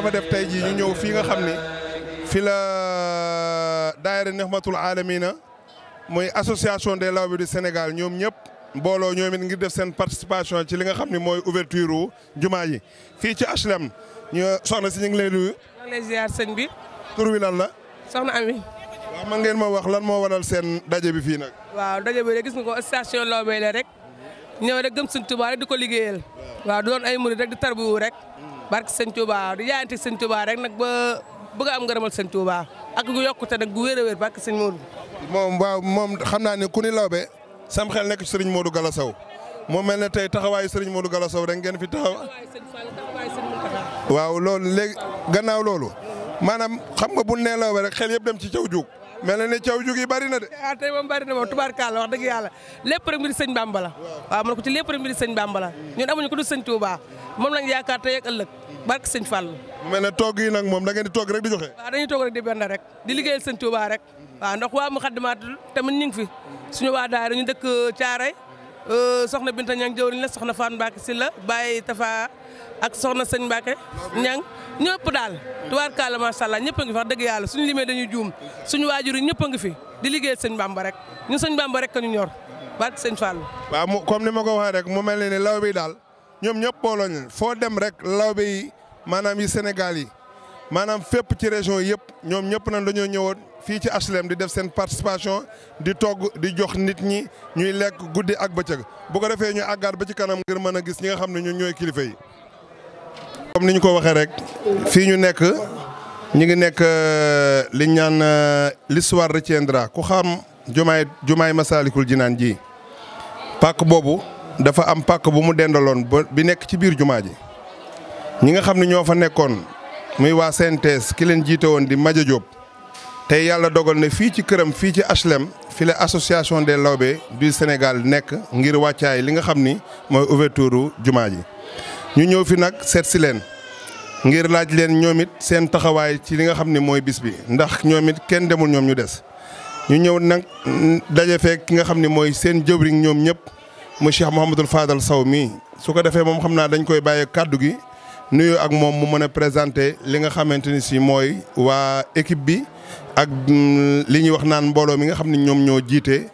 dafa def tey jii ñu ñëw fii nga xam ni fi la daayira Nihmatul Alamina mooy association de Laobé du Sénégal ñoom ñëpp mbooloo ñoom it ngir def seen participation ci li nga xam ne mooy ouverture wu jumaa yi fii ci HLM ñu soxna si ñu ngi lay nuyu. maa bi. tur wi na la. soxna Ami. waaw ngeen ma wax lan moo waral seen daje bi fii nag. waaw daje rek gis la rek. ñëw rek rek di ko liggéeyal. waaw doon ay murid rek di tarbu rek. Mm. barke sëñ Touba di jaayante sëñ Touba rek nag ba bëgg am ngërëmal sëñ Touba ak gu yokkute nag gu wér a wér sëñ Modou. moom waaw moom xam naa ne ku ni lawbe sam xel nekk ci sëriñ Modou Gala Sow moo mel ne tey taxawaayu sëriñ Modou Gala Sow rek ngeen fi taxaw. waaw loolu léegi gannaaw loolu maanaam xam nga bu nee lawbe rek xel yëpp dem ci caw juug. mel na ne caw jug yi bari na de. ah tey moom bari na moom tubaarkàlla wax dëgg yàlla lépp rek mbiri sëñ Bamba la. waaw ah, mu ne ko ci lépp rek mbiri sëñ Bamba la ñun amuñu ko du sëñ Touba moom lañ yaakaar tey ak ëllëg barke sëñ Fall. mel na toog yi nag moom da ngeen di toog rek di joxe. waaw dañuy toog rek di benn rek di liggéeyal sëñ Touba rek waaw ndax waa mu xaddimaat tamit ñu ngi fi suñu waa daara ñu dëkk Caaray Euh, soxna Binta Niang jëwriñ la soxna Fane Mbacke si la Baye Tafa ak soxna Sëñ Mbacke Niang ñëpp daal tubaarkalla macha allah ñëpp a ngi fi wax dëgg yàlla suñu limee dañuy juum suñu waajur yi ñëpp ngi fi di liggéey sëñ Bamba rek ñu sëñ Bamba rek ka ñu ñor barke sëñ Fall. waaw mu comme ni ma ko waxee rek mu mel ni law bi daal ñoom ñëpp booloo foo dem rek law bi maanaam yi Sénégal yi maanaam fépp ci région yëpp ñoom ñëpp nañ dañoo ñëwoon fii ci HLM di def seen participation di togg di jox nit ñi ñuy lekk guddi ak bëccëg bu ko defee ñu àggaat ba ci kanam ngir mën a gis ñi nga xam ne ñun ñooy kilifa yi. comme ni ñu ko waxee rek fii ñu nekk ñu ngi nekk euh, li ñu naan euh, l'histoire retiendra ku xam jumaay jumaay Masaalikul naan ji pàkk boobu dafa am pàkk bu mu dendaloon ba bi nekk ci biir jumaa ji ñi nga xam ne ñoo fa nekkoon muy waa CNTS ki leen jiite woon di Maja Diop. tey yàlla dogal ne fii ci këram fii ci HLM fi la association des lawbe du Sénégal nekk ngir wàccaay li nga xam ni mooy ouverture jumaa ji ñu ñëw fi nag seet si leen ngir laaj leen ñoom it seen taxawaay ci li nga xam ni mooy bis bi ndax ñoom it kenn demul ñoom ñu des ñu ñëw nag daje fee ki nga xam ni mooy seen jëwriñ ñoom ñëpp mu Cheikh Mouhamadul Fadal saw mii su ko defee moom xam naa dañ koy bàyyee kàddu gi nuyu ak moom mu mën a présenter li nga xamante ni si mooy waa équipe bi ak mm, li ñuy wax naan mbooloo mi nga xam ne ñoom ñoo jiite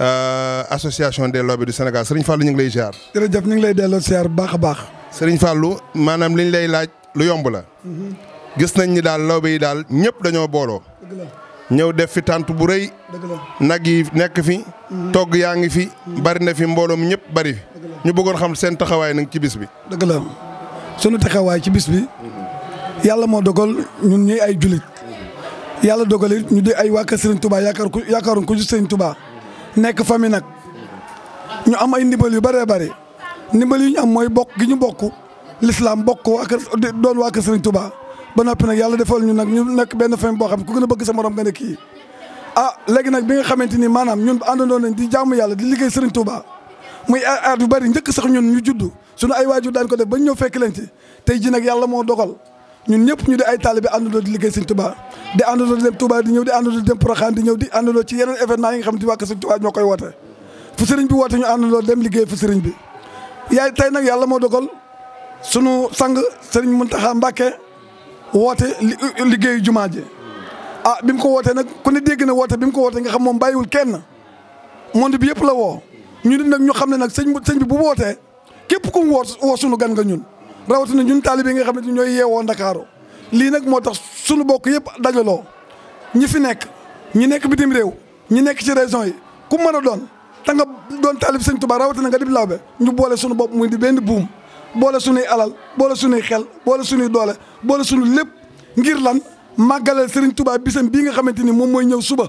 euh, association des lobbies du Sénégal Serigne Fallou ñu ngi lay ziar. jërëjëf ñu ngi lay delloo ziar baax a baax. Serigne Fallou maanaam li ñu lay laaj lu yomb la. Mhm. gis nañ ni daal lobby yi daal ñëpp dañoo booloo. ñëw def fi tànt bu rëy. nag yi nekk fi. Mhm. togg yaa ngi fi. Mhm. bari na fi mbooloo mi ñëpp bari ñu bëggoon xam seen taxawaay nag ci bis bi. dëgg la sunu taxawaay ci bis bi. yàlla moo dogal ñun ñuy ay julit yàlla dogal ñu de ay waa kër Serigne Touba yaakaar ku yaakaaroon ku ci nekk fami nag ñu am ay ndimbal yu bëree bëri ndimbal yu ñu am mooy bokk gi ñu bokk lislaam bokk waa kër doon waa kër Serigne Touba ba noppi nag yàlla defal ñu nag ñu nekk benn famille boo xam ku gën a bëgg sa morom nga ne kii ah léegi nag bi nga xamante ni maanaam ñun àndandoo nañ di jaamu yàlla di liggéey Serigne Touba muy aat yu bari njëkk sax ñun ñu juddu suñu ay waaju daan ko def ba ñëw fekk leen ci tey ji yàlla moo dogal ñun ñëpp ñu di ay taalibe àndandoo di liggéey sëñ Touba di àndandoo di dem Touba di ñëw di àndandoo di dem Porokhane di ñëw di àndandoo ci yeneen événement yi nga xam ne waa sëñ Touba ñoo koy ñu àndandoo dem liggéey fu sëriñ bi yaay tey nag yàlla moo dogal sunu sang sëriñ Mountakha Mbacké woote liggéeyu jumaa ji ah bi mu ko wootee nag ku ne dégg na woote bi mu ko wootee nga xam moom bàyyiwul kenn monde bi yëpp la woo ñu nit nag ñu xam ne nag sëñ sëñ bi bu wootee képp ku woo woo sunu gan nga ñun rawatina ñun taalibe yi nga xam ne ñooy yeewoo Ndakaaru lii nag moo tax sunu bokk yëpp dajaloo ñi fi nekk ñi nekk bitim réew ñi nekk ci région yi ku mën a doon te nga doon taalib sëñ Tuubaa rawatina nga dib lawbe ñu boole sunu bopp muy di benn buum boole sunuy alal boole sunuy xel boole sunuy doole boole sunu lépp ngir lan màggalal Serigne Touba bisam bii nga xamante ni moom mooy ñëw suba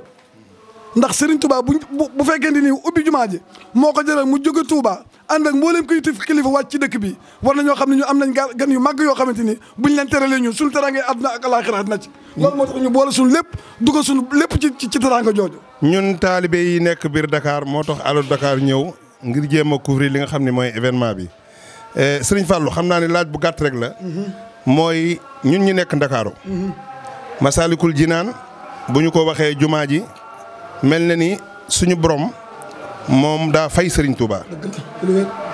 ndax Serigne Touba bu bu fekkente ni ubbi jumaa ji moo ko jëral mu jóge Touba ànd ak mboolem koy tif kilifa waa ci dëkk bi war na ñoo xam ne ñu am nañ gan yu màgg yoo xamante ni buñ leen teralee ñun suñu teraangay àdduna ak alaxira na ci loolu moo ñu boole lépp dugal suñu lépp ci ci teraanga jooju ñun taalibe yi nekk biir dakaar moo tax Allô Dakar ñëw ngir jéem a couvrir li nga xam ne mooy événement bi eh, sëriñ Fallou xam naa ne laaj bu gàtt rek la mm-hmm. mooy ñun ñi nekk Ndakaaru mm-hmm. Masalikul Jinaan bu ñu ko waxee jumaa ji mel na ni suñu borom moom daa fay Serigne Touba.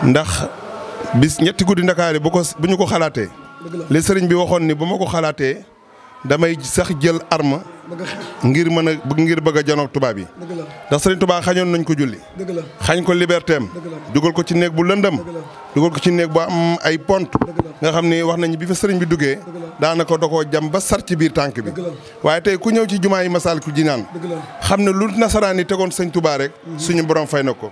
ndax bi ñetti guddi ndakaar bu ko bu ñu ko xalaatee. li Serigne bi waxoon ni bu ma ko xalaatee damay sax jël arme ngir mën a ngir bëgg a tubaab yi ndax sëriñ tubaa xañoon nañ ko julli xañ ko liberté am dugal ko ci néeg bu lëndëm dugal ko ci néeg bu am ay pont nga xam ni wax nañ bi fa sëriñ bi duggee daanaka da koo jam ba sar ci biir tànk bi waaye tey ku ñëw ci jumaa yi Masaalikul Jinaan xam ne lu nasaraan yi tegoon sëñ tubaa rek mhm. suñu borom fay na ko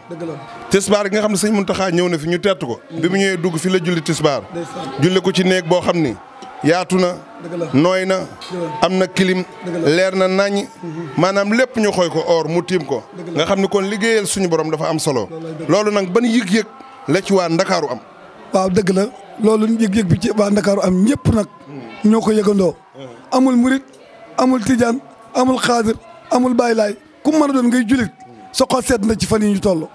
tisbaar gi nga xam ne sëñ Muntaxaa ñëw na fi ñu tett ko bi mu mhm. ñëwee dugg fi la julli tisbaar julli ko ci néeg boo xam ni yaatu na nooy na am na clim leer na naañ mhm. maanaam lépp ñu xooy ko or mu tiim ko nga xam ni kon liggéeyal suñu borom dafa am solo loolu nag ban yëg-yëg la ci waa ndakaaru am waaw dëgg la loolu yëg-yëg bi ci waa ndakaaru am ñëpp nag ñoo ko yëgandoo hmm. amul murit amul tijaan amul xaadir amul bàyyi laay ku mën a doon ngay julit hmm. soxol seet na ci fan yi ñu toll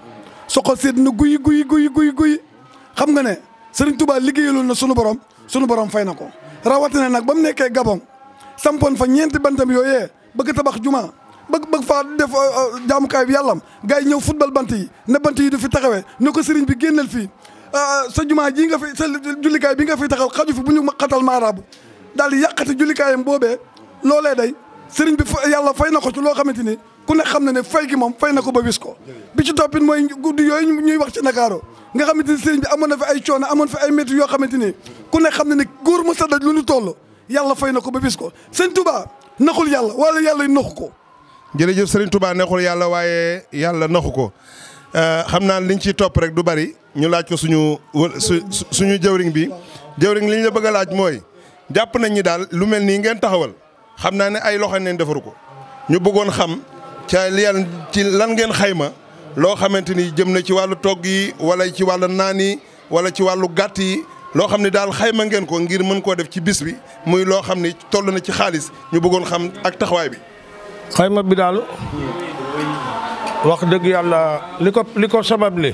soxol seet na guyi guyi guyi guyi guyi xam nga ne Sëriñ tubaal liggéeyaloon na suñu borom sunu borom fay na ko rawatina nag ba mu nekkee Gabon sampoon fa ñeenti bantam yooyee bëgg tabax jumaa bëgg bëgg faa def euh, euh, jaamukaay bi yàllam gars yi ñëw football bant yi ne bant yi du fi taxawee ne ko sëriñ bi génneel fii euh, sa jumaa jii nga fi sa jullikaay bi nga fi taxaw xaju fi bu ñu xatal maaraabu daal di yàqati jullikaayam boobee loolee day sëriñ bi yàlla fay na ko ci loo xamante ni ku ne xam na ne fay gi moom fay na ko ba wis ko bi ci toppit mooy guddi yooyu ñuy wax ci Ndakaaru nga xamante ni sëriñ bi amoon na fi ay coono amoon fi ay métti yoo xamante ni ku ne xam na ne góor mu sadaj lu ñu toll yàlla fay na ko ba wis ko sëñ Touba naxul yàlla wala yàlla naxu ko jërëjëf sëriñ Touba naxul yàlla waaye yàlla naxu ko euh, xam naa liñ ciy topp rek du bari ñu laaj ko suñu suñu jëwriñ bi jëwriñ liñ la bëgg a laaj mooy jàpp nañ ñi daal lu mel nii ngeen taxawal xam naa ne ay loxo neen defaru ko ñu bëggoon xam ca yan ci lan ngeen xayma loo xamante ni jëm na ci wàllu togg yi wala ci wàllu naan yi wala ci wàllu gàtt yi loo xam ne daal xayma ngeen ko ngir mën koo def ci bis bi muy loo xam ne toll na ci xaalis ñu bëggoon xam ak taxawaay bi. xayma bi daal wax dëgg yàlla li ko li sabab li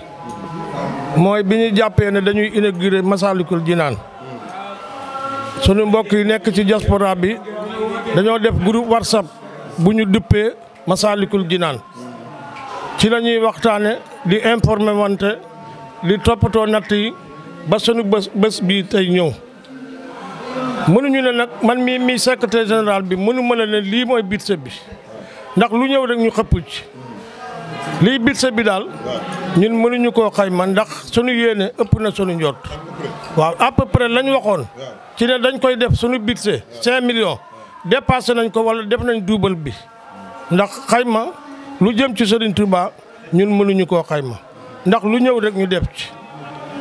mooy bi ñu jàppee ne dañuy inauguré Massalikul Jinaan sunu mbokk yi nekk ci diaspora bi dañoo def groupe WhatsApp bu ñu duppee. Masaalikul Jinaan ci lañuy ñuy waxtaane di informé wante di toppatoo natt ba sunu bés bés bii tey ñëw mënuñu ne nag man mii mii secrétaire général bi mënu ma ne lii mooy budget bi ndax lu ñëw rek ñu xëpp ci lii budget bi daal ñun mënuñu koo xayma ndax sunu yéene ëpp na sunu njoot waaw à peu près waxoon ci ne dañ koy def sunu budget 5 millions dépassé nañ ko wala def nañ duubal bi ndax xayma lu jëm ci Serigne Touba ñun mënuñu koo xayma ndax lu ñëw rekk ñu def ci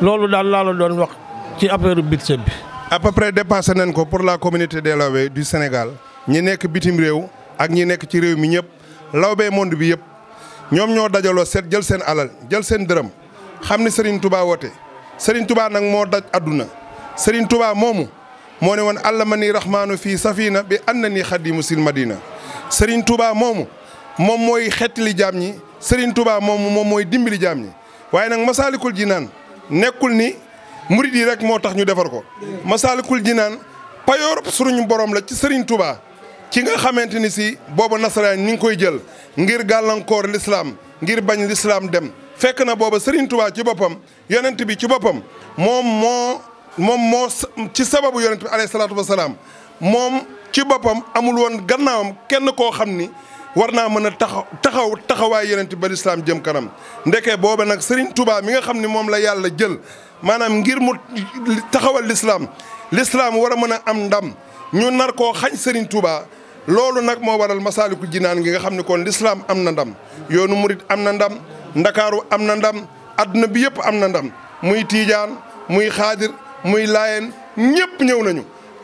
loolu daal laa la doon wax ci affaire budget bi. à peu près dépassé nañ ko pour la communauté des Lawbe di Sénégal ñi nekk bitim réew ak ñi nekk ci réew mi ñëpp Lawbe monde bi yëpp ñoom ñoo dajaloo seet jël seen alal jël seen dërëm xam ni Serigne tubaa woote Serigne tubaa nag moo daj àdduna Serigne tubaa moomu moo ne woon àllama ni rahmaanu fii safina bi ànd na ni xaddimu sil madina Serigne Touba moomu moom mooy xettali jaam ñi Serigne Touba moomu moom mooy dimbali jaam ñi waaye nag Masaalikul Jinaan nekkul ni murid yi rek moo tax ñu defar ko Masaalikul Jinaan payoor suruñu borom la ci Serigne Touba ci nga xamante ni si booba nasaraan ñi ngi koy jël ngir gàllankoor lislaam ngir bañ lislaam dem fekk na booba sëriñ Touba ci boppam yonent bi ci boppam moom moo moo ci sababu yonent bi alayhi salaatu wasalaam moom ci boppam amul woon gannaawam kenn koo xam ni war naa mën a taxaw taxaw taxawaay yonent ba lislaam jëm kanam ndeke booba nag Serigne Touba mi nga xam ni moom la yàlla jël maanaam ngir mu taxawal lislaam lislaam war a mën a am ndam ñu nar koo xañ Serigne Touba loolu nag moo waral masaaliku jinaan gi nga xam ni kon lislaam am na ndam yoonu murit am na ndam ndakaaru am na ndam adduna bi yëpp am na ndam muy tiijaan muy xaadir muy laayeen ñëpp ñëw nañu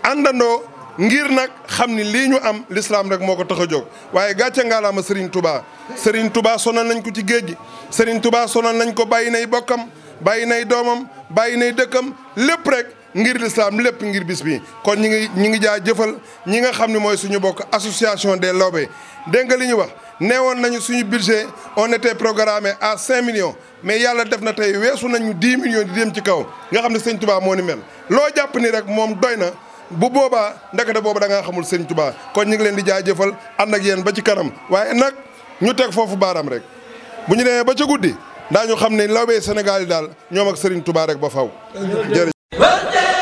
àndandoo ngir nag xam ni lii ñu am lislaam rek moo ko tax a jóg waaye gàcce ngaalaama Serigne Touba Serigne Touba sonal nañ ko ci géej gi Serigne Touba sonal nañ ko bàyyi nay bokkam bàyyi nay doomam bàyyi nay dëkkam lépp rek ngir lislaam lépp ngir bis bi kon ñi ngi ñi ngi jaa jëfal ñi nga xam ne mooy suñu bokk association des lawbe dégg nga li ñu wax neewoon nañu suñu budget on était programmé à 5 millions mais yàlla def na tey weesu nañu 10 millions di dem ci kaw nga xam ne sëñ moo ni mel loo jàpp ni rek moom doy na bu boobaa ndekete boobu da ngaa xamul sëñ tubaa kon ñu ngi leen di jaajëfal ànd ak yéen ba ci kanam waaye nag ñu teg foofu baaram rek bu ñu demee ba ca guddi daañu xam ne lawbee Sénégal yi daal ñoom ak sëriñ tubaa rek ba faw jërëjëf